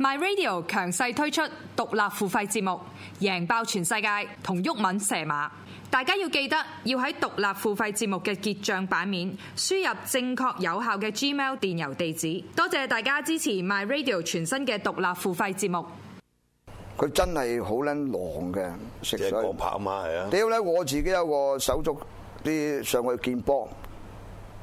My Radio 強勢推出獨立付費節目，贏爆全世界同毓民射馬。大家要記得要喺獨立付費節目嘅結賬版面輸入正確有效嘅 Gmail 電郵地址。多謝大家支持 My Radio 全新嘅獨立付費節目。佢真係好捻狼嘅，即係講跑馬係啊！屌啦，我自己有個手足啲上去見波，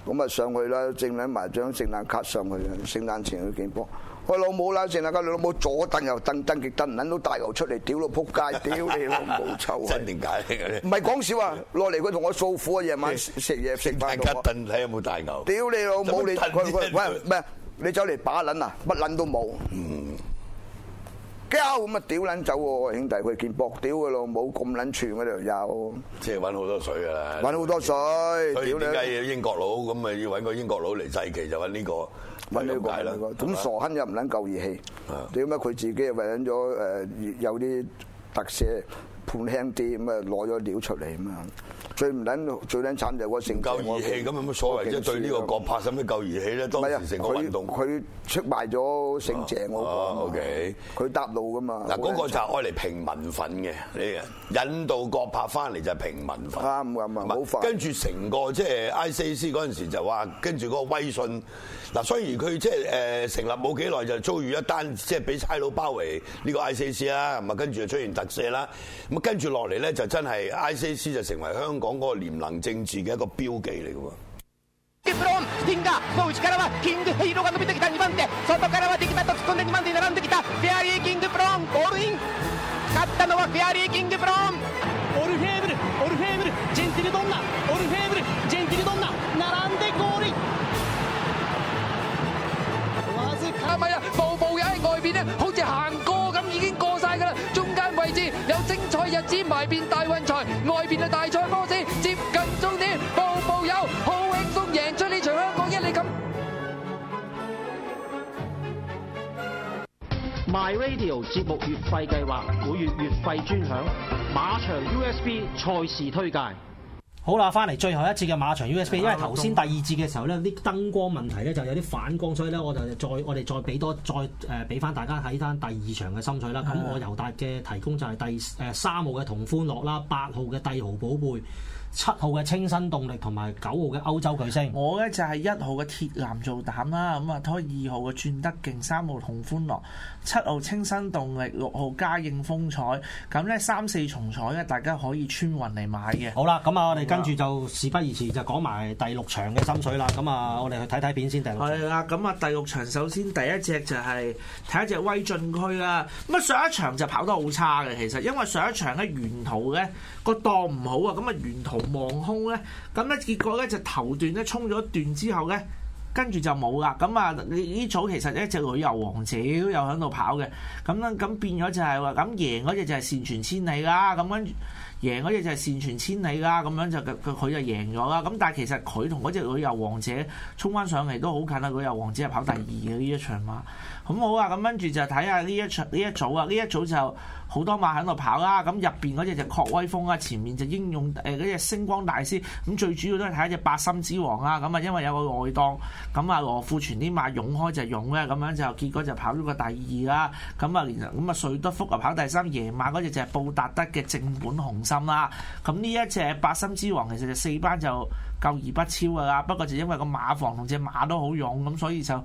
咁啊上去啦，正捻埋張聖誕卡上去，聖誕前去見波。喂，老母啦，成日你老母坐凳又蹬蹬極蹬，揾到大牛出嚟，屌到仆街，屌你老母臭啊！唔係講笑啊，落嚟佢同我訴苦啊，夜晚食嘢食飯，大家蹬睇有冇大牛。屌你老母你喂，唔你走嚟把撚啊，乜撚都冇。嗯交咁啊屌撚走喎兄弟，佢見薄屌嘅咯，冇咁撚串條友，即係揾好多水㗎啦，揾好多水，所以點解要英國佬咁，咪要揾個英國佬嚟祭旗，就揾呢個，揾呢個係啦。咁傻閪又唔撚夠義氣，屌解佢自己又為咗誒有啲特赦判輕啲，咁啊攞咗料出嚟咁啊？最唔撚最撚慘就個成教義氣，咁有乜所謂啫？對呢個國拍有乜夠義氣咧？是當時成個運動佢出賣咗聖謝我，OK，佢搭路㗎嘛，嗱，嗰個就係嚟平民憤嘅啲人，引渡國拍翻嚟就係平民憤吧，跟住成個即係 ICAC 嗰陣時就話，跟住嗰個威信。嗱，雖然佢即係誒成立冇幾耐就遭遇一單即係俾差佬包圍呢個 ICAC 啦，咁啊跟住就出現特赦啦，咁啊跟住落嚟咧就真係 ICAC 就成為香港嗰個廉能政治嘅一個標記嚟嘅喎。 支埋變大運財，外邊嘅大賽波士，接近終點，步步有好輕鬆贏出呢場香港一哩錦。My Radio 節目月費計劃，每月月費專享，馬場 USB 賽事推介。好啦，翻嚟最後一節嘅馬場 USB，因為頭先第二節嘅時候呢，啲燈光問題呢就有啲反光，所以呢我就再我哋再俾多再誒俾翻大家睇翻第二場嘅心水啦。咁我尤達嘅提供就係第誒三號嘅同歡樂啦，八號嘅帝豪寶貝，七號嘅清新動力同埋九號嘅歐洲巨星，我呢就係一號嘅鐵藍做膽啦，咁啊拖二號嘅轉得勁，三號同歡樂，七號清新動力，六號嘉應風彩，咁呢，三四重彩呢，大家可以穿雲嚟買嘅。好啦，咁啊我哋跟住就事不宜遲就講埋第六場嘅心水啦。咁啊我哋去睇睇片先第六場。係啦，咁啊第六場首先第一隻就係睇一隻威進區啦。咁啊上一場就跑得好差嘅，其實因為上一場嘅沿途呢，個檔唔好啊，咁啊沿途。望空咧，咁咧結果咧就頭段咧衝咗一段之後咧，跟住就冇啦。咁啊，呢組其實一隻旅遊王者都又喺度跑嘅。咁啦，咁變咗就係話，咁贏嗰隻就係善傳千里啦。咁跟住贏嗰隻就係善傳千里啦。咁樣就佢就贏咗啦。咁但係其實佢同嗰隻旅遊王者衝翻上嚟都好近啦。旅遊王者係跑第二嘅呢一場馬。咁好啊，咁跟住就睇下呢一場呢一組啊，呢一組就好多馬喺度跑啦。咁入邊嗰隻就確威風啊，前面就英勇誒嗰隻星光大師。咁最主要都係睇一隻八心之王啊。咁啊，因為有個外檔，咁啊羅富全啲馬湧開就湧咧，咁樣就結果就跑咗個第二啦。咁啊，咁啊瑞德福啊跑第三，夜晚嗰隻就係布達德嘅正本雄心啦。咁呢一隻八心之王其實就四班就。夠而不超噶啦，不過就因為個馬房同隻馬都好勇，咁所以就誒、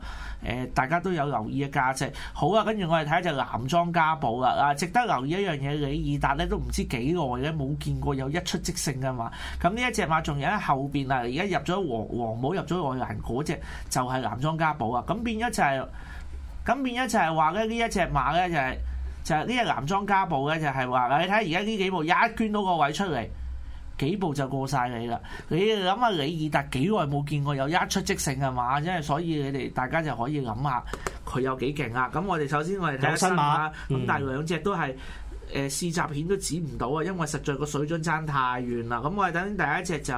呃、大家都有留意嘅價值。好啊，跟住我哋睇一隻男莊家寶啦。啊，值得留意一樣嘢，李爾達咧都唔知幾耐咧，冇見過有一出即勝嘅嘛。咁呢一隻馬仲有喺後邊啊！而家入咗黃黃帽，入咗外欄嗰隻就係男莊家寶啊！咁變咗就係、是，咁變咗就係話咧呢一隻馬咧就係、是、就係呢隻男莊家寶咧就係話你睇而家呢幾步，一捐到個位出嚟。幾步就過晒你啦！你諗下李爾達幾耐冇見過有一出即勝啊嘛，即係所以你哋大家就可以諗下佢有幾勁啊！咁我哋首先我哋睇下新馬，咁、嗯、但係兩隻都係誒試集片都止唔到啊，因為實在個水準差太遠啦。咁我哋等第一隻就。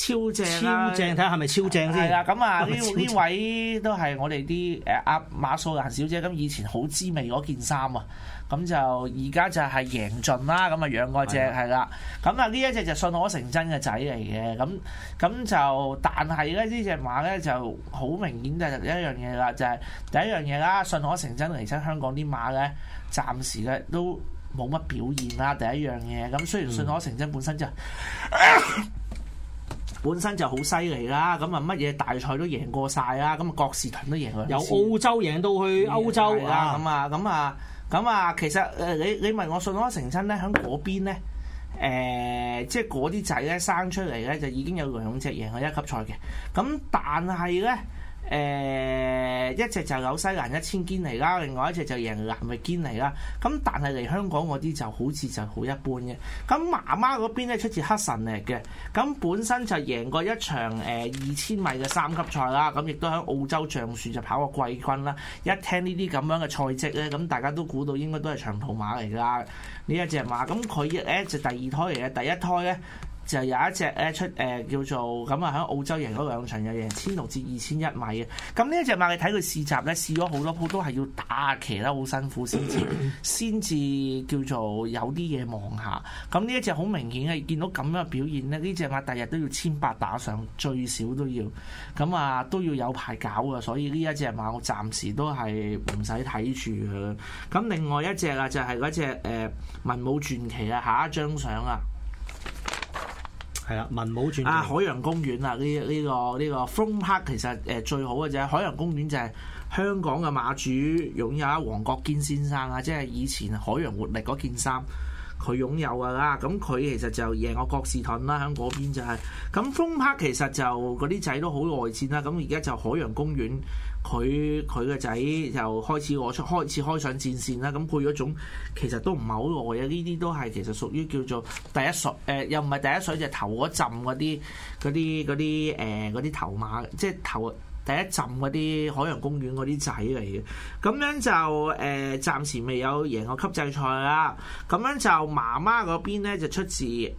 超正、啊、超正，睇下係咪超正先。係啊，咁啊呢呢位都係我哋啲誒阿馬素蘭小姐咁以前好滋味嗰件衫、嗯嗯、啊。咁、啊啊、就而家就係贏盡啦。咁啊養嗰隻係啦。咁啊呢一隻就信可成真嘅仔嚟嘅。咁咁就但係咧呢隻馬咧就好明顯就係一樣嘢啦，就係第一樣嘢啦、就是。信可成真，嚟親香港啲馬咧暫時咧都冇乜表現啦。第一樣嘢咁雖然信可成真本身就。啊 本身就好犀利啦，咁啊乜嘢大賽都贏過晒啦，咁啊國士盾都贏過，由澳洲贏到去歐洲啦，咁、就是、啊咁啊，咁啊其實誒你你問我信唔信成親咧，喺嗰邊咧誒、呃，即係嗰啲仔咧生出嚟咧就已經有兩隻贏過一級賽嘅，咁但係咧。誒、呃、一隻就紐西蘭一千堅尼啦，另外一隻就贏南域堅尼啦。咁但係嚟香港嗰啲就好似就好一般嘅。咁媽媽嗰邊咧出自黑神力嘅，咁本身就贏過一場誒、呃、二千米嘅三級賽啦。咁亦都喺澳洲橡樹就跑過季軍啦。一聽呢啲咁樣嘅賽績咧，咁大家都估到應該都係長途馬嚟㗎呢一隻馬。咁佢誒就是、第二胎嚟嘅，第一胎咧。就有一隻咧出誒、呃、叫做咁啊，喺、呃嗯、澳洲贏咗兩場，又贏千六至二千一米嘅。咁呢一隻馬，你睇佢試閘咧，試咗好多鋪都係要打下騎啦，好辛苦先至先至叫做有啲嘢望下。咁呢一隻好明顯嘅，見到咁樣嘅表現咧，呢隻馬第日都要千八打上，最少都要咁啊，都要有排搞啊。所以呢一隻馬我暫時都係唔使睇住佢。咁另外一隻啊，就係嗰隻誒文武傳奇啊，下一張相啊。係啊，文武全啊！海洋公園啊，呢、這、呢個呢、這個風克、這個、其實誒最好嘅就係海洋公園，就係香港嘅馬主擁有啊黃國堅先生啊，即係以前海洋活力嗰件衫。佢擁有啊啦，咁佢其實就贏過國士盾啦，喺嗰邊就係、是。咁風拍其實就嗰啲仔都好內戰啦。咁而家就海洋公園，佢佢個仔就開始我出，開始開上戰線啦。咁配咗種，其實都唔係好耐啊。呢啲都係其實屬於叫做第一水，誒、呃、又唔係第一水，就係、頭嗰浸嗰啲嗰啲嗰啲誒嗰啲頭馬，即係頭。第一浸嗰啲海洋公園嗰啲仔嚟嘅，咁樣就誒、呃、暫時未有贏過級制賽啦。咁樣就媽媽嗰邊咧就出自誒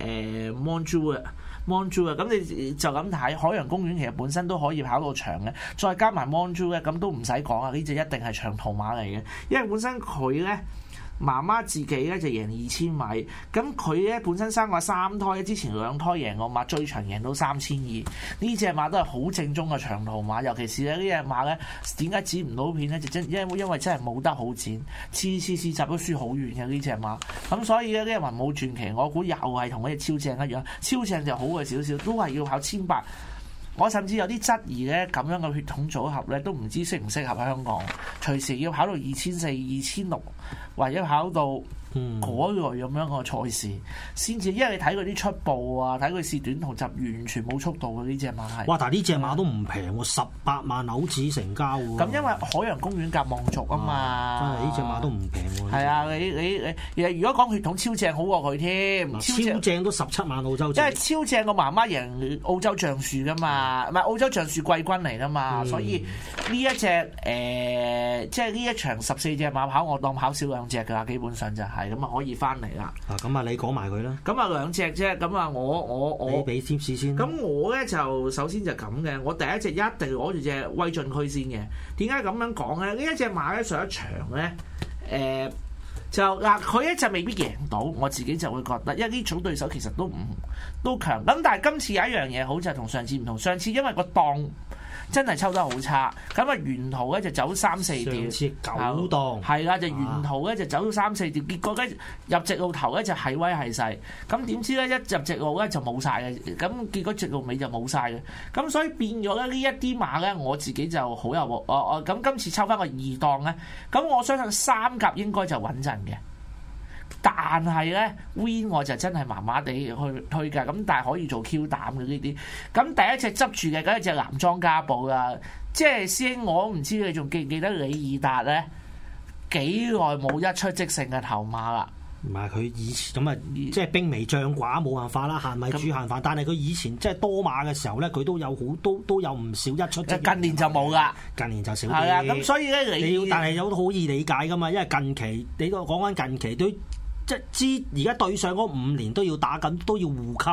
Monju 啊，Monju 啊。咁、呃、你就咁睇海洋公園其實本身都可以跑到長嘅，再加埋 Monju 咧，咁都唔使講啊！呢隻一定係長途馬嚟嘅，因為本身佢咧。媽媽自己咧就贏二千米，咁佢咧本身生過三胎，之前兩胎贏過馬，最長贏到三千二。呢隻馬都係好正宗嘅長途馬，尤其是咧呢隻馬咧點解剪唔到片咧？就真因因為真係冇得好剪，次次次集都輸好遠嘅呢隻馬。咁所以咧呢一匹冇傳奇，我估又係同一隻超正一樣，超正就好過少少，都係要跑千八，我甚至有啲質疑呢，咁樣嘅血統組合呢，都唔知適唔適合喺香港。隨時要跑到二千四、二千六，或者跑到。嗰類咁樣個賽事，先至因為你睇佢啲出步啊，睇佢試短途集，完全冇速度嘅呢隻馬係。哇！但係呢隻馬都唔平喎，十八、嗯、萬紐紙成交喎。咁、嗯、因為海洋公園夾望族啊嘛。真係呢隻馬都唔平喎。係啊，你你，你如果講血統超正，好過佢添，超正，超正都十七萬澳洲。因為超正個媽媽贏澳洲橡樹㗎嘛，唔、嗯、澳洲橡樹季軍嚟㗎嘛，嗯、所以呢一隻誒、呃，即係呢一場十四隻馬跑，我當跑少兩隻㗎喇，基本上就係、是。咁啊可以翻嚟啦！嗱、啊，咁啊你講埋佢啦。咁啊兩隻啫，咁啊我我我俾 tips 先。咁我咧就首先就咁嘅，我第一隻一定攞住隻威進區先嘅。點解咁樣講咧？呢一隻馬咧上，上一場咧，誒、呃、就嗱佢、啊、一隻未必贏到，我自己就會覺得，因為呢組對手其實都唔都強。咁但係今次有一樣嘢好就係、是、同上次唔同，上次因為個檔，真係抽得好差，咁啊沿途咧就走三四段，九檔，係啦、啊，就沿途咧就走咗三四段，哇結果咧入直路頭咧就係威係勢，咁點知咧一入直路咧就冇晒嘅，咁結果直路尾就冇晒嘅，咁所以變咗咧呢一啲馬咧我自己就好有我我咁今次抽翻個二檔咧，咁我相信三甲應該就穩陣嘅。但係咧，Win 我就真係麻麻地去推㗎，咁但係可以做 Q 膽嘅呢啲。咁第一隻執住嘅嗰一隻男裝家暴啦，即係師兄，我唔知你仲記唔記得李爾達咧幾耐冇一出即勝嘅頭馬啦？唔係佢以前咁啊，即係兵微將寡，冇辦法啦，閒咪煮閒飯。但係佢以前即係多馬嘅時候咧，佢都有好都都有唔少一出即。近年就冇啦，近年就少啲。係啦，咁所以咧，你要但係有好易理解㗎嘛？因為近期你講講緊近期都。即知而家對上嗰五年都要打緊，都要護級，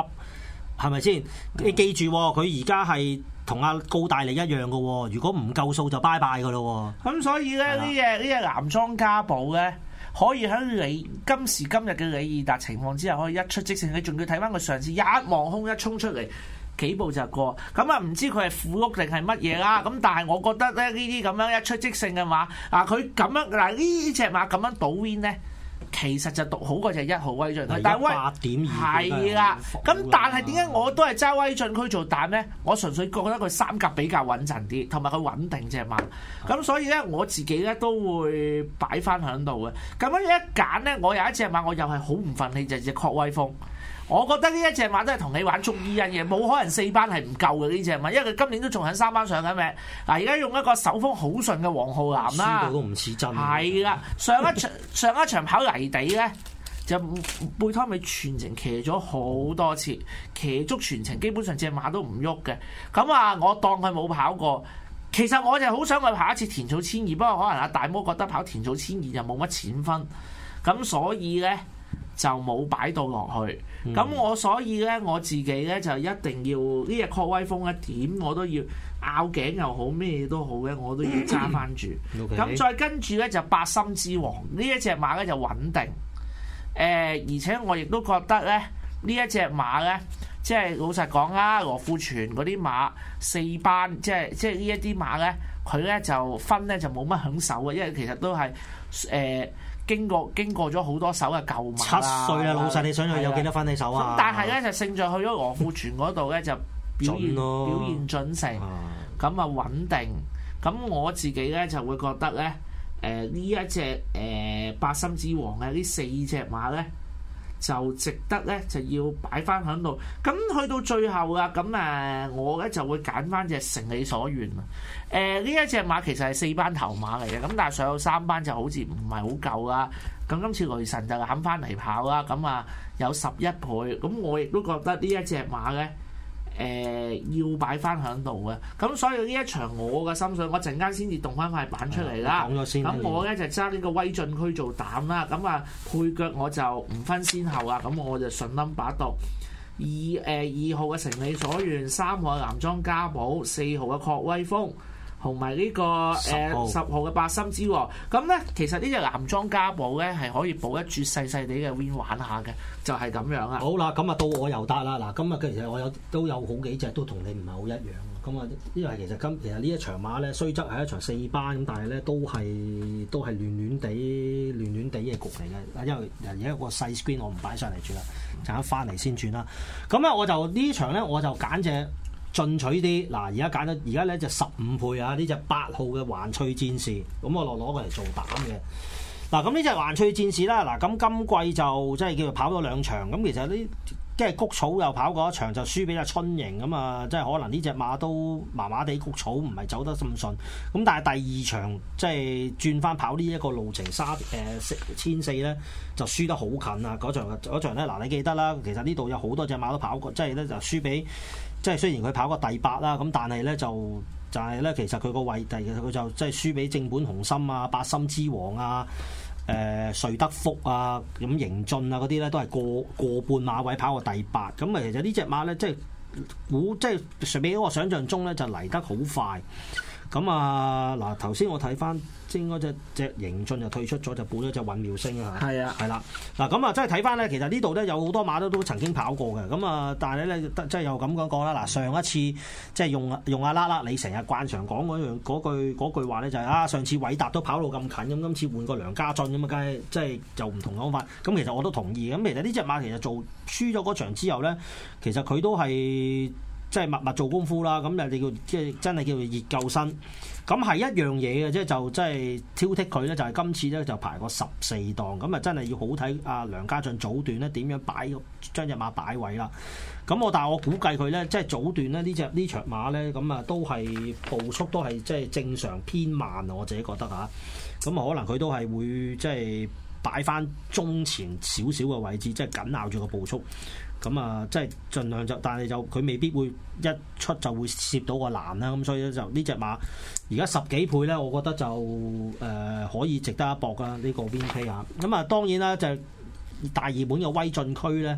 係咪先？你記住佢而家係同阿高大力一樣嘅喎，如果唔夠數就拜拜嘅咯喎。咁所以咧，呢嘢呢隻男莊家寶咧，可以喺你今時今日嘅李二達情況之下，可以一出即勝。你仲要睇翻佢上次一望空一衝出嚟幾步就過。咁啊，唔知佢係富屋定係乜嘢啦？咁但係我覺得咧，呢啲咁樣一出即勝嘅馬啊，佢咁樣嗱呢隻馬咁樣倒 win 咧。其實就讀好過就一號威進區，但係威係啦。咁但係點解我都係揸威進區做蛋呢？我純粹覺得佢三甲比較穩陣啲，同埋佢穩定隻馬。咁的所以咧，我自己咧都會擺翻響度嘅。咁樣一揀呢，我有一隻馬，我又係好唔忿氣就只、是、確威風。我覺得呢一隻馬都係同你玩捉伊人嘅，冇可能四班係唔夠嘅呢隻馬，因為佢今年都仲喺三班上緊名。嗱，而家用一個手風好順嘅黃浩南啦，輸到都唔似真。係啦的， 上一場上一場跑泥。地咧就背拖尾全程騎咗好多次，騎足全程基本上隻馬都唔喐嘅。咁啊，我當佢冇跑過。其實我就好想佢跑一次田草千二，不過可能阿大魔覺得跑田草千二就冇乜錢分，咁所以咧就冇擺到落去。咁我所以咧，我自己咧就一定要呢隻酷威風一點，我都要。拗頸又好，咩都好嘅，我都要揸翻住。咁 Okay. 再跟住咧就八心之王呢一隻馬咧就穩定。誒、呃，而且我亦都覺得咧呢一隻馬咧，即係老實講啊，羅富全嗰啲馬四班，即係即係呢一啲馬咧，佢咧就分咧就冇乜享受嘅，因為其實都係誒、呃、經過經過咗好多手嘅舊馬。七歲啊，吧老實，你想去，有幾多分幾手啊？咁但係咧就勝在去咗羅富全嗰度咧就。 表現咯，表現準成咁啊，穩定。咁我自己咧就會覺得咧，誒、呃、呢一隻誒八、呃、心之王嘅呢四隻馬咧就值得咧就要擺翻響度。咁去到最後啊，咁誒我咧就會揀翻隻成你所願啊。呢、呃、一隻馬其實係四班頭馬嚟嘅，咁但係上有三班就好似唔係好夠啦。咁今次雷神就攬翻嚟跑啦，咁啊有十一倍咁，我亦都覺得呢一隻馬咧。誒要擺翻響度嘅，咁所以呢一場我嘅心水，我陣間先至動翻塊板出嚟啦。咁、嗯、我咧就揸呢個威進區做膽啦。咁啊配腳我就唔分先後啊，咁我就順冧把讀二誒、呃、二號嘅成理所願，三號嘅藍莊家寶，四號嘅霍威風。同埋呢個誒十號嘅，呃、八心椒，咁咧其實呢隻藍莊家寶咧係可以補一注細細哋嘅 win 玩下嘅，就係、是、咁樣啊。好啦，咁啊到我又得啦。嗱，今日其實我有都有好幾隻都同你唔係好一樣嘅。咁啊，因為其實今其實呢一場馬咧，雖則係一場四班，咁但係咧都係都係亂亂地亂亂地嘅局嚟嘅。啊，因為而家個細 screen 我唔擺上嚟住啦，陣間翻嚟先轉啦。咁啊，我就呢場咧我就揀隻進取啲，嗱，而家揀咗，而家咧就十五倍啊！呢隻八號嘅環翠戰士，咁我落攞嚟做膽嘅。嗱，咁呢隻環翠戰士啦，嗱咁今季就即係叫做跑咗兩場，咁其實呢？即係谷草又跑過一場就輸俾阿春瑩咁啊，即係可能呢隻馬都麻麻地，谷草唔係走得咁順。咁但係第二場即係、就是、轉翻跑呢一個路程沙誒四千四咧，就輸得好近啊！嗰場嗰場咧嗱，你記得啦，其實呢度有好多隻馬都跑過，即係咧就是、輸俾即係雖然佢跑過第八啦，咁但係咧就就係咧其實佢個位第，佢就即、是、係輸俾正本雄心啊、八心之王啊。誒、呃、瑞德福啊，咁迎進啊嗰啲咧都係過過半馬位跑過第八，咁誒其實隻呢隻馬咧，即係估即係上邊我想象中咧就嚟得好快，咁啊嗱頭先我睇翻。先嗰隻隻盈進就退出咗，就補咗隻混妙星。啦嚇。係啊，係啦。嗱咁啊，即係睇翻咧，其實呢度咧有好多馬都都曾經跑過嘅。咁啊，但係咧，即係又咁講講啦。嗱，上一次即係用用阿拉拉，你成日慣常講嗰句嗰句話咧、就係，就係啊，上次韋達都跑到咁近，咁今次換個梁家俊咁啊，梗係即係就唔同講法。咁其實我都同意。咁其實呢隻馬其實做輸咗嗰場之後咧，其實佢都係。即係密密做功夫啦，咁你哋叫，即係真係叫做熱救身，咁係一樣嘢嘅，即係就即係挑剔佢咧，就係、是、今次咧就排個十四檔，咁啊真係要好睇啊梁家俊早段咧點樣擺將隻馬擺位啦，咁我但係我估計佢咧即係早段咧呢隻呢場馬咧咁啊都係步速都係即係正常偏慢，我自己覺得嚇，咁啊可能佢都係會即係擺翻中前少少嘅位置，即係緊咬住個步速。咁啊、嗯，即係儘量就，但係就佢未必會一出就會涉到個欄啦。咁、嗯、所以咧就呢隻馬而家十幾倍咧，我覺得就誒、呃、可以值得一搏噶呢個 V P 啊。咁啊當然啦，就是、大熱門嘅威進區咧，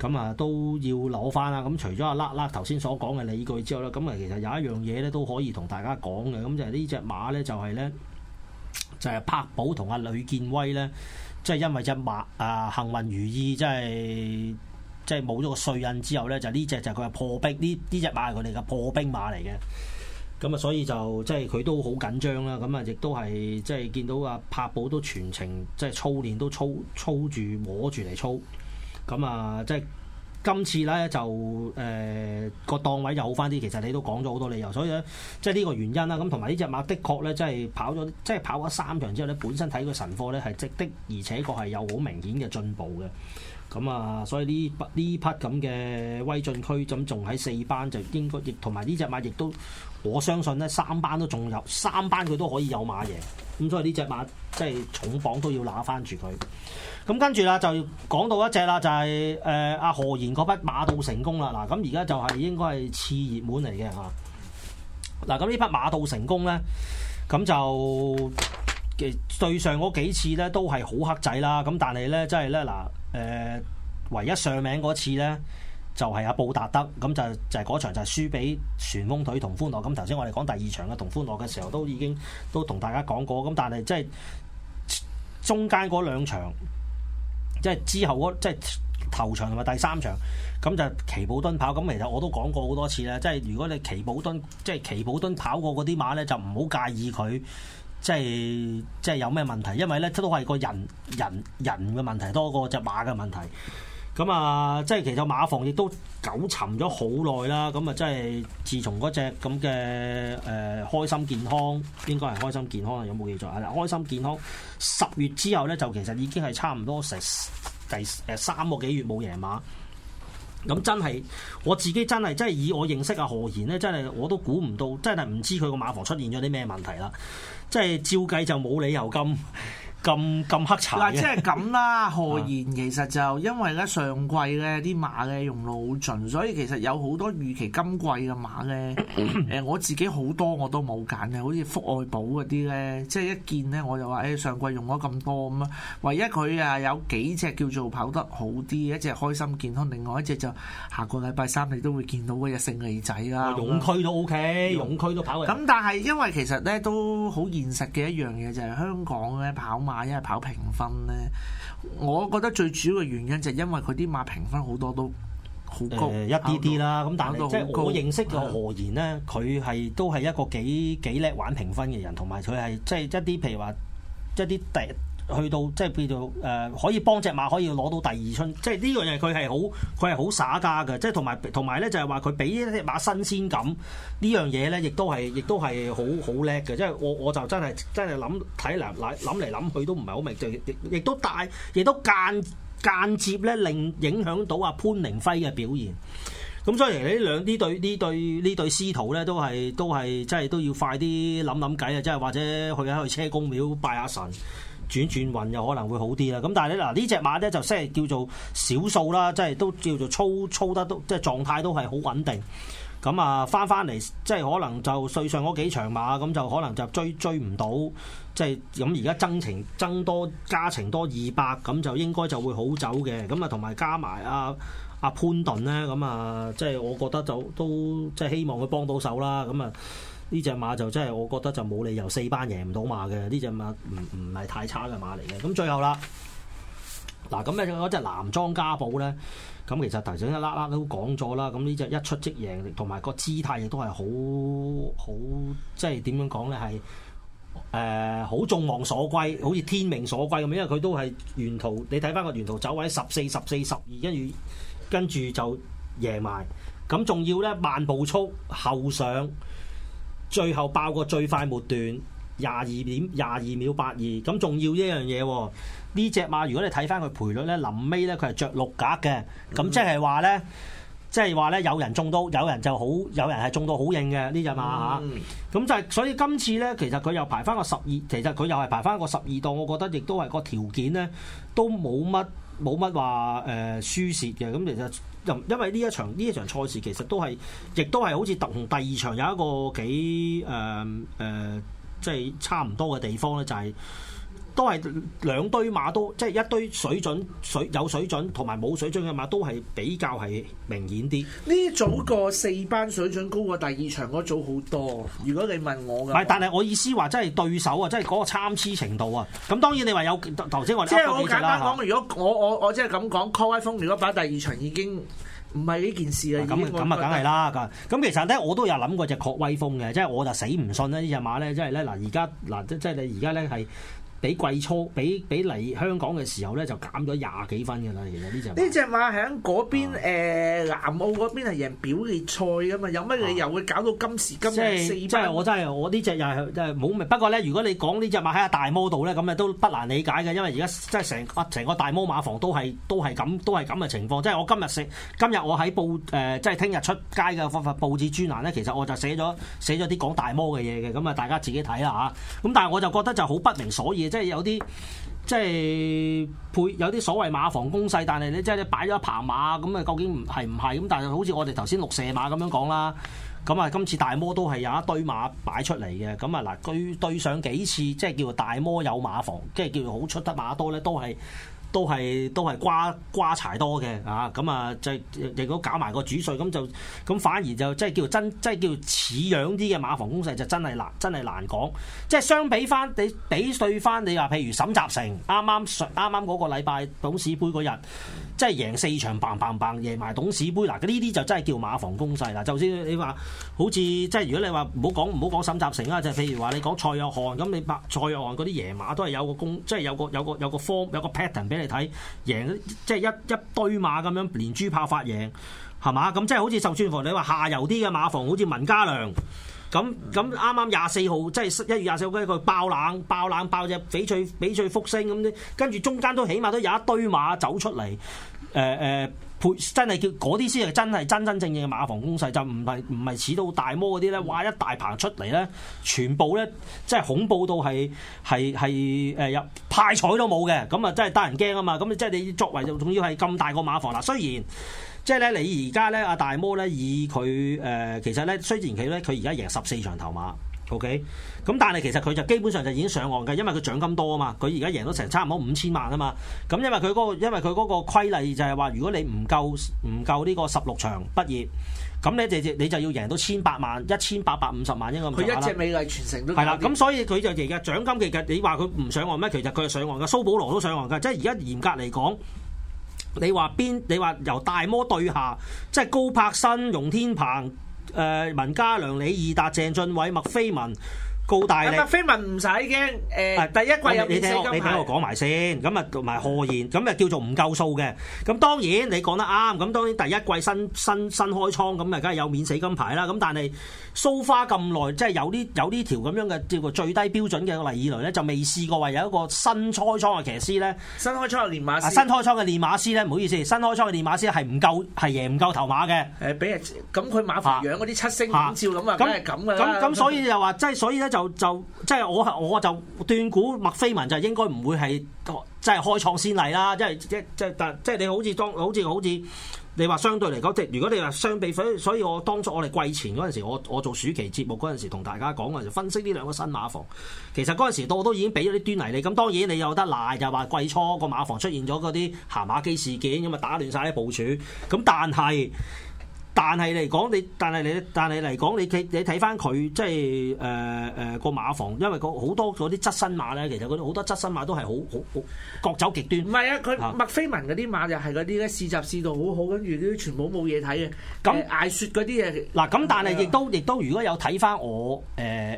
咁、嗯、啊都要攞翻啦。咁、嗯、除咗阿 LakLak 頭先所講嘅理據之外咧，咁啊其實有一樣嘢咧都可以同大家講嘅，咁、嗯、就係呢隻馬咧就係、是、咧就係、是、柏寶同阿呂建威咧，即、就、係、是、因為隻馬啊幸運如意即、就、係、是。即係冇咗個碎印之後咧，就呢隻就佢係破壁。呢呢隻馬係佢哋嘅破冰馬嚟嘅，咁啊所以就即係佢都好緊張啦，咁啊亦都係即係見到阿柏寶都全程即係操練都操操住摸住嚟操，咁啊即係今次咧就誒個檔位就好翻啲，其實你都講咗好多理由，所以咧即係呢個原因啦，咁同埋呢隻馬的確咧即係跑咗即係跑咗三場之後咧，本身睇個神課咧係值的，而且確係有好明顯嘅進步嘅。咁啊，所以呢匹呢匹咁嘅威駿駒咁仲喺四班，就應該亦同埋呢隻馬亦都，我相信咧三班都仲有，三班佢都可以有馬贏。咁所以呢隻馬即係重磅都要拿翻住佢。咁跟住啦，就講到一隻啦，就係誒阿賀賢嗰匹馬到成功啦。嗱，咁而家就係應該係次熱門嚟嘅吓。嗱，咁呢匹馬到成功咧，咁就對上嗰幾次咧都係好黑仔啦。咁但係咧，真係咧嗱。誒唯一上名嗰次呢，就係、是、阿布達德，咁就就係、是、嗰場就係輸俾旋風腿同歡樂。咁頭先我哋講第二場嘅同歡樂嘅時候，都已經都同大家講過。咁但係即係中間嗰兩場，即、就、係、是、之後嗰即係頭場同埋第三場，咁就奇保敦跑。咁其實我都講過好多次呢，即、就、係、是、如果你奇保敦即係、就是、奇保敦跑過嗰啲馬呢，就唔好介意佢。即係即係有咩問題？因為咧都係個人人人嘅問題多過隻馬嘅問題。咁啊，即係其實馬房亦都糾纏咗好耐啦。咁啊，即係自從嗰隻咁嘅誒開心健康，應該係開心健康有冇記錯啊？開心健康十月之後咧，就其實已經係差唔多成第誒三個幾月冇贏馬。咁真係我自己真係真係以我認識啊，賀賢呢？真係我都估唔到，真係唔知佢個馬房出現咗啲咩問題啦。即係照計就冇理由咁。咁咁黑茶嘅嗱，即係咁啦。賀賢其實就因為咧上季咧啲馬咧用路好盡，所以其實有好多預期今季嘅馬咧，誒我自己好多我都冇揀嘅，好似福愛寶嗰啲咧，即係一見咧我就話誒上季用咗咁多咁啊。唯一佢啊有幾隻叫做跑得好啲，一隻開心健康，另外一隻就下個禮拜三你都會見到嗰隻勝利仔啦。勇區都 O K，勇區都跑得。咁但係因為其實咧都好現實嘅一樣嘢就係香港咧跑馬。一係跑評分咧，我覺得最主要嘅原因就係因為佢啲馬評分好多都好高、呃、一啲啲啦，咁打到，但到高即係我認識嘅賀賢咧，佢係都係一個幾幾叻玩評分嘅人，同埋佢係即係一啲譬如話一啲第。去到即係叫做誒，可以幫隻馬可以攞到第二春，即係呢樣嘢佢係好，佢係好耍家嘅，即係同埋同埋咧就係話佢俾一隻馬新鮮感，這個、呢樣嘢咧，亦都係亦都係好好叻嘅，即係我我就真係真係諗睇嚟諗嚟諗去都唔係好明，亦都帶，亦都間間接咧令影響到阿潘寧輝嘅表現。咁所以兩呢兩呢對呢對呢對師徒咧都係都係即係都要快啲諗諗計啊！即係或者去下去車公廟拜下神。轉轉運又可能會好啲啦，咁但係咧，嗱呢隻馬咧就即係叫做少數啦，即係都叫做操操得都即係狀態都係好穩定。咁啊翻翻嚟即係可能就最上嗰幾場馬咁就可能就追追唔到，即係咁而家增程增多加程多二百咁就應該就會好走嘅。咁啊同埋加埋阿阿潘頓呢，咁啊即係我覺得就都即係希望佢幫到手啦。咁啊～呢隻馬就真係，我覺得就冇理由四班贏唔到馬嘅。呢隻馬唔唔係太差嘅馬嚟嘅。咁最後啦，嗱咁咩嗰隻藍莊家寶咧？咁其實頭先一粒粒都講咗啦。咁呢隻一出即贏，同埋個姿態亦都係好好，即係點樣講咧？係誒好眾望所歸，好似天命所歸咁。因為佢都係沿途你睇返個沿途走位十四十四十二，跟住跟住就贏埋咁，仲要咧慢步速後上。最後爆個最快末段廿二點廿二秒八二，咁仲要一樣嘢，呢隻馬如果你睇翻佢賠率咧，臨尾咧佢係着六格嘅，咁即係話咧，即係話咧有人中到，有人就好，有人係中到好應嘅呢隻馬嚇，咁、嗯、就係、是、所以今次咧，其實佢又排翻個十二，其實佢又係排翻個十二檔，我覺得亦都係個條件咧，都冇乜冇乜話誒輸蝕嘅，咁其實。因為呢一場呢一場賽事其實都係，亦都係好似特同第二場有一個幾誒誒、呃呃，即係差唔多嘅地方咧，就係、係。都係兩堆馬都，即係一堆水準水有水準同埋冇水準嘅馬都係比較係明顯啲。呢組個四班水準高過第二場嗰組好多。如果你問我嘅，唔係，但係我意思話，真係對手啊，真係嗰個參差程度啊。咁當然你話有頭先我即係我簡單講，如果我我我即係咁講，確威風，如果擺第二場已經唔係呢件事啦。咁咁啊，梗係啦。咁其實咧，我都有諗過隻確威風嘅，即係我就死唔信咧呢隻馬咧，即係咧嗱，而家嗱即係你而家咧係。比季初比比嚟香港嘅時候咧，就減咗廿幾分嘅啦。其實呢隻呢隻馬喺嗰邊、啊呃、南澳嗰邊係贏表嘅賽㗎嘛，有乜理由會，啊、搞到今時今日即係我真係我呢隻又係即係冇明。不過咧，如果你講呢隻馬喺阿大 m 度 d e l 咧，咁啊都不難理解嘅，因為而家即係成個成個大 m o 馬房都係都係咁都係咁嘅情況。即係我今日寫今日我喺報誒、呃，即係聽日出街嘅《發發報紙專欄》咧，其實我就寫咗寫咗啲講大 m 嘅嘢嘅，咁啊大家自己睇啦吓。咁但係我就覺得就好不明所以即係有啲即係配有啲所謂馬房攻勢，但係你即係擺咗一棚馬咁啊？究竟係唔係咁？但係好似我哋頭先六射馬咁樣講啦。咁啊，今次大摩都係有一堆馬擺出嚟嘅。咁啊，嗱，對對上幾次即係叫做大摩有馬房，即係叫做好出得馬多咧，都係。都係都係瓜瓜柴多嘅啊！咁啊，就係如果搞埋個主帥咁，就咁反而就即係叫真即係、就是、叫似樣啲嘅馬房攻勢就是、真係難真係難講。即、就、係、是、相比翻你比對翻你話譬如沈集成啱啱啱啱嗰個禮拜董事杯嗰日，即、就、係、是、贏四場棒棒棒贏埋董事杯嗱，呢、啊、啲就真係叫馬房攻勢嗱。就算、是、你話好似即係如果你話唔好講唔好講沈集成啊，就是、譬如話你講蔡約翰咁，你話蔡約翰嗰啲爺馬都係有個攻，即、就、係、是、有個有個有個 form 有個 pattern 俾你。你睇贏即係一一堆馬咁樣連珠炮發贏係嘛？咁即係好似受賄房，你話下游啲嘅馬房好似文家良咁，咁啱啱廿四號，即係一月廿四號，跟住佢爆冷爆冷爆隻翡翠翡翠福星咁，跟住中間都起碼都有一堆馬走出嚟，誒、呃、誒。呃真係叫嗰啲先係真係真真正正嘅馬房攻勢，就唔係唔係似到大摩嗰啲咧，哇一大棚出嚟咧，全部咧即係恐怖到係係係誒有派彩都冇嘅，咁啊真係得人驚啊嘛，咁啊即係你作為又仲要係咁大個馬房啦，雖然即係咧你而家咧阿大摩咧以佢誒、呃、其實咧雖然佢咧佢而家贏十四場頭馬。O K，咁但係其實佢就基本上就已經上岸嘅，因為佢獎金多啊嘛，佢而家贏到成差唔多五千萬啊嘛，咁因為佢嗰個因為佢嗰個規例就係話，如果你唔夠唔夠呢個十六場畢業，咁你就你就要贏到千八萬一千八百五十萬應該佢一隻美麗傳承都係啦，咁所以佢就贏嘅獎金其實你話佢唔上岸咩？其實佢係上岸嘅，蘇保羅都上岸嘅，即係而家嚴格嚟講，你話邊你話由大摩對下，即係高柏新、容天鵬。誒，文家良、李義達、鄭俊偉、麥飛文。高大力咁啊！緋文唔使驚誒，嗯、第一季有免死金牌你。你聽，你聽我講埋先。咁啊，同埋賀賢，咁啊叫做唔夠數嘅。咁當然你講得啱。咁當然第一季新新新，新開倉，咁啊梗係有免死金牌啦。咁但係蘇花咁耐，即、呢、係、個、有啲、呢個、有呢條咁樣嘅叫做最低標準嘅例以來咧，就未試過話有一個新開倉嘅騎師咧。新開倉嘅練馬師。新開倉嘅練馬師咧，唔好意思，新開倉嘅練馬師係唔夠係贏唔夠頭馬嘅。誒、欸，俾人咁佢馬房養嗰啲七星五照咁啊，梗係咁噶咁咁所以又話即係所以咧。就就即係我，我就斷估麥飛文就應該唔會係即係開創先例啦。即係即即但即係你好似當好似好似你話相對嚟講，即係如果你話相比所，所以我當初我哋季前嗰陣時，我我做暑期節目嗰陣時，同大家講嘅就分析呢兩個新馬房。其實嗰陣時我都已經俾咗啲端倪你。咁當然你有得賴就話、是、季初個馬房出現咗嗰啲鹹馬機事件，咁啊打亂晒啲部署。咁但係。但係嚟講你，但係你，但係嚟講你，你睇翻佢即係誒誒個馬房，因為好多嗰啲側身馬咧，其實好多側身馬都係好好好各走極端。唔係啊，佢麥菲文嗰啲馬就係嗰啲咧，試集試到好好，跟住是全部冇嘢睇嘅，咁、呃嗯、捱雪嗰啲嘢。嗱，咁但係亦都亦都，是如果有睇翻我誒誒、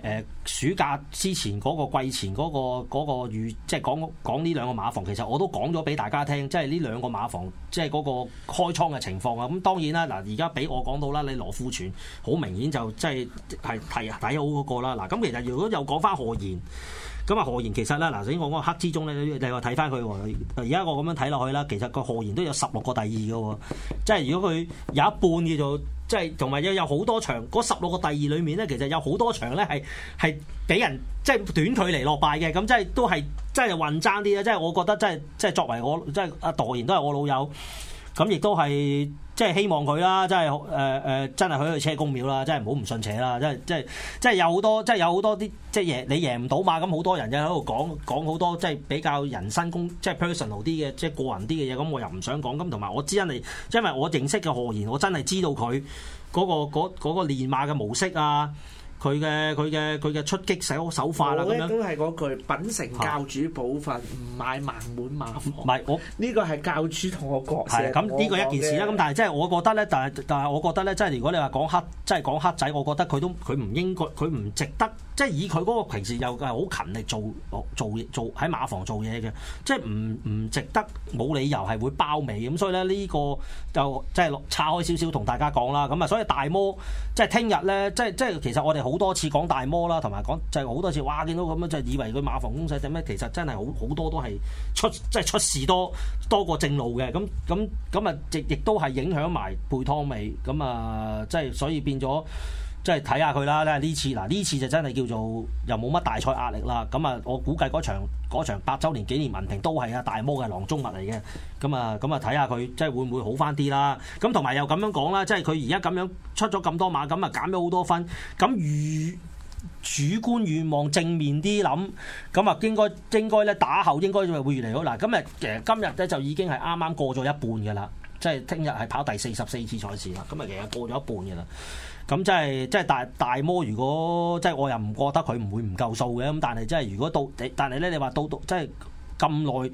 呃、暑假之前嗰、嗰個季前嗰、嗰個嗰即係講講呢兩個馬房，其實我都講咗俾大家聽，即係呢兩個馬房即係嗰個開倉嘅情況啊。咁當然啦，嗱而家比。我講到啦，你羅富全好明顯就即係提係底好嗰、那個啦。嗱，咁其實如果又講翻賀賢，咁啊賀賢其實咧嗱，首先我講嗰黑之中咧，你話睇翻佢而家我咁樣睇落去啦，其實個賀賢都有十六個第二嘅，即係如果佢有一半叫做即係同埋有有好多場嗰十六個第二裡面咧，其實有好多場咧係係俾人即係、就是、短距離落敗嘅，咁即係都係即係混爭啲啦。即係我覺得即係即係作為我即係阿賀賢都係我老友，咁亦都係。即係希望佢啦，即係誒誒，真係、呃、去車公廟啦，真係唔好唔信邪啦，即係即係即係有好多，多，即係有好多啲即係贏你贏唔到馬。咁好多人就喺度講講好多即係比較人身攻即係 personal 啲嘅即係個人啲嘅嘢，咁我又唔想講。咁同埋我知因你，因為我認識嘅賀賢，我真係知道佢嗰個嗰嗰個練馬嘅模式啊。.佢嘅佢嘅佢嘅出擊使好手法啦咁樣，都係嗰句品成教主補分，唔、啊、買盲滿盲唔係我呢個係教主同我，的我講嘅。係咁呢個一件事啦。咁的但係即係我覺得咧，但係但係我覺得咧，即係如果你話講黑，即係講黑仔，我覺得佢都佢唔應該，佢唔值得。即係以佢嗰個平時又係好勤力做做做喺馬房做嘢嘅，即係唔唔值得冇理由係會包尾。咁，所以咧呢、呢個就即係拆開少少同大家講啦。咁啊，所以大魔即係聽日咧，即係即係其實我哋好多次講大魔啦，同埋講就係、係、好多次哇，見到咁樣就以為佢馬房公仔仔咩？其實真係好好多都係出即係出事多多過正路嘅。咁咁咁啊，亦亦都係影響埋配湯味。咁啊、呃，即係所以變咗。即係睇下佢啦，咧呢次嗱呢次就真係叫做又冇乜大賽壓力啦。咁啊，我估計嗰場嗰場八週年紀念文平都係阿大魔嘅囊中物嚟嘅。咁啊，咁啊睇下佢即係會唔會好翻啲啦。咁同埋又咁樣講啦，即係佢而家咁樣出咗咁多馬，咁啊減咗好多分。咁如主觀願望正面啲諗，咁啊應該應該咧打後應該會會越嚟越好。嗱咁啊，其實今日咧就已經係啱啱過咗一半㗎啦。即係聽日係跑第四十四次賽事啦。咁啊，其實過咗一半㗎啦。咁即係即係大大摩，如果即係我又唔覺得佢唔會唔夠數嘅，咁但係即係如果到，但係咧你話到到即係咁耐，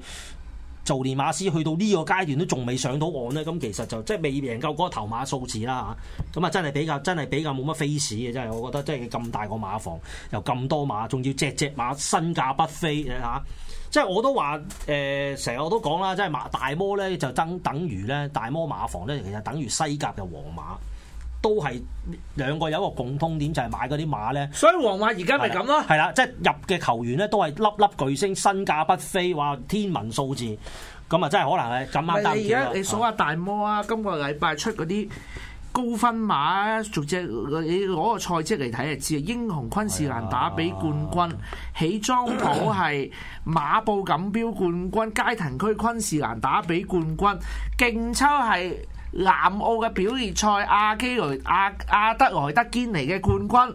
做練馬師去到呢個階段都仲未上到岸咧，咁其實就即係未贏夠嗰個頭馬數字啦嚇。咁啊真係比較真係比較冇乜 face 嘅，真係我覺得即係咁大個馬房又咁多馬，仲要隻隻馬身價不菲嘅嚇。即係我都話誒，成日我都講啦，即係馬大摩咧就等等於咧大摩馬房咧，其實等於西甲嘅皇馬。都係兩個有一個共通點，就係、是、買嗰啲馬咧。所以皇馬而家咪咁咯。係啦，即係入嘅球員咧，都係粒粒巨星，身價不菲，話天文數字。咁啊，真係可能係咁啱單而家你，你數下大摩啊，嗯、今個禮拜出嗰啲高分馬啊，逐隻、嗯、你攞個賽績嚟睇啊，就知英雄昆士蘭打比冠軍，哎、呀 起莊堡係馬布錦標冠軍，街亭區昆士蘭打比冠軍，勁抽係。南澳嘅表列賽，阿基雷、亞亞德萊德堅尼嘅冠軍，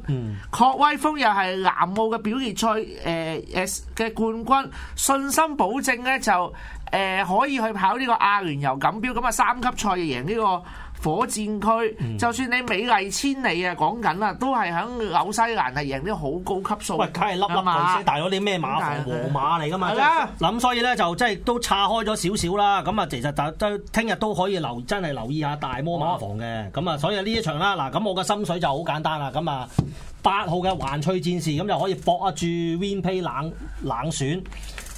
確、嗯、威風又係南澳嘅表列賽誒誒嘅冠軍，信心保證咧就誒、呃、可以去跑呢個亞聯遊錦標，咁啊三級賽就贏呢、這個。火箭區，就算你美麗千里啊，講緊啊，都係喺紐西蘭係贏啲好高級數。喂，梗係粒粒黃大佬啲咩馬房？黃的馬嚟噶嘛？係啦。咁所以咧就真係都叉開咗少少啦。咁啊，其實就都聽日都可以留，真係留意下大摩馬房嘅。咁啊、哦，所以呢一場啦，嗱，咁我嘅心水就好簡單啦。咁啊，八號嘅環翠戰士咁就可以搏一住 WinPay 冷冷選。冷冷冷冷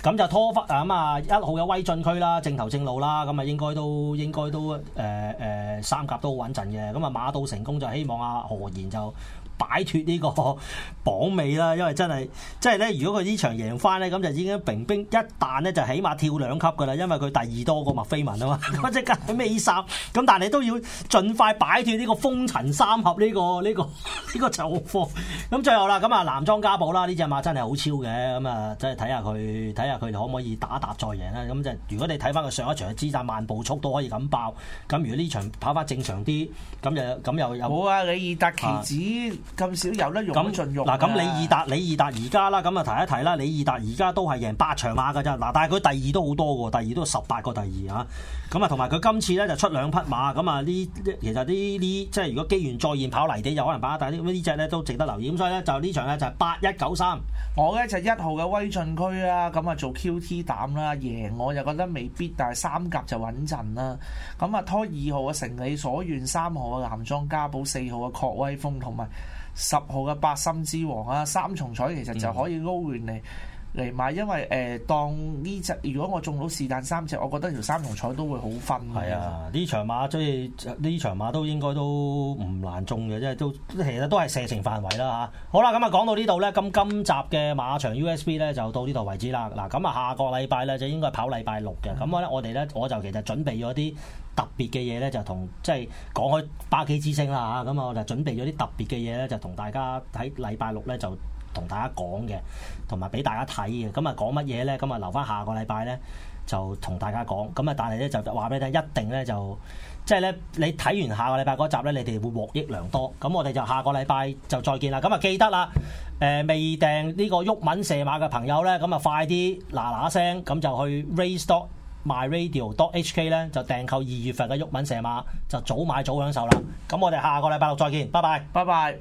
咁就拖翻啊！咁啊，一號有威進區啦，正頭正路啦，咁啊，應該都應該都誒誒、呃呃、三甲都好穩陣嘅。咁啊，馬到成功就希望阿何然就。擺脫呢個榜尾啦，因為真係，即係咧，如果佢呢場贏翻咧，咁就已經平兵一彈咧，就起碼跳兩級噶啦，因為佢第二多個麥飛文啊嘛，即係尾三，咁但係你都要盡快擺脫呢個風塵三俠呢、這個呢、這個呢、這個就貨。咁、這個、最後啦，咁啊男裝家寶啦，呢隻馬真係好超嘅，咁啊真係睇下佢睇下佢可唔可以打一打再贏啦。咁就如果你睇翻佢上一場嘅姿勢，慢步速都可以咁爆。咁如果呢場跑翻正常啲，咁又咁又有。好啊，你尤達其子。咁少有得用，用，咁嗱，咁李二達，李二達而家啦，咁啊提一提啦。李二達而家都係贏八場馬嘅啫，嗱，但係佢第二都好多喎，第二都十八個第二啊。咁啊，同埋佢今次咧就出兩匹馬，咁啊呢，其實呢呢即係如果機緣再現跑，跑嚟地有可能把握大啲。呢隻咧都值得留意。咁所以呢，就呢場呢就八一九三，我呢就一號嘅威進區啊，咁啊做 Q T 膽啦，贏我就覺得未必，但係三甲就穩陣啦。咁啊拖二號嘅城裏所願，三號嘅南莊加寶，四號嘅確威風，同埋。十號嘅八心之王啊，三重彩其實就可以撈勻你嚟買，因為誒、呃、當呢隻如果我中到是但三隻，我覺得條三重彩都會好分嘅。係啊，呢場馬所以呢場馬都應該都唔難中嘅，即係都其實都係射程範圍啦嚇。好啦，咁、嗯、啊講到呢度咧，咁今集嘅馬場 USB 咧就到呢度為止啦。嗱、嗯，咁啊下個禮拜咧就應該係跑禮拜六嘅。咁咧、嗯、我哋咧我就其實準備咗啲特別嘅嘢咧，就同即係講開巴基之星啦嚇。咁、嗯、啊我就準備咗啲特別嘅嘢咧，就同大家喺禮拜六咧就。同大家講嘅，同埋俾大家睇嘅，咁啊講乜嘢呢？咁啊留翻下個禮拜呢，就同大家講。咁啊，但係呢，就話俾你聽，一定呢，就即係呢，你睇完下個禮拜嗰集呢，你哋會獲益良多。咁我哋就下個禮拜就再見啦。咁啊記得啦，誒未訂呢個毓民射馬嘅朋友呢，咁啊快啲嗱嗱聲咁就去 race dot myradio dot hk 呢，就訂購二月份嘅毓民射馬，就早買早享受啦。咁我哋下個禮拜六再見，拜拜，拜拜。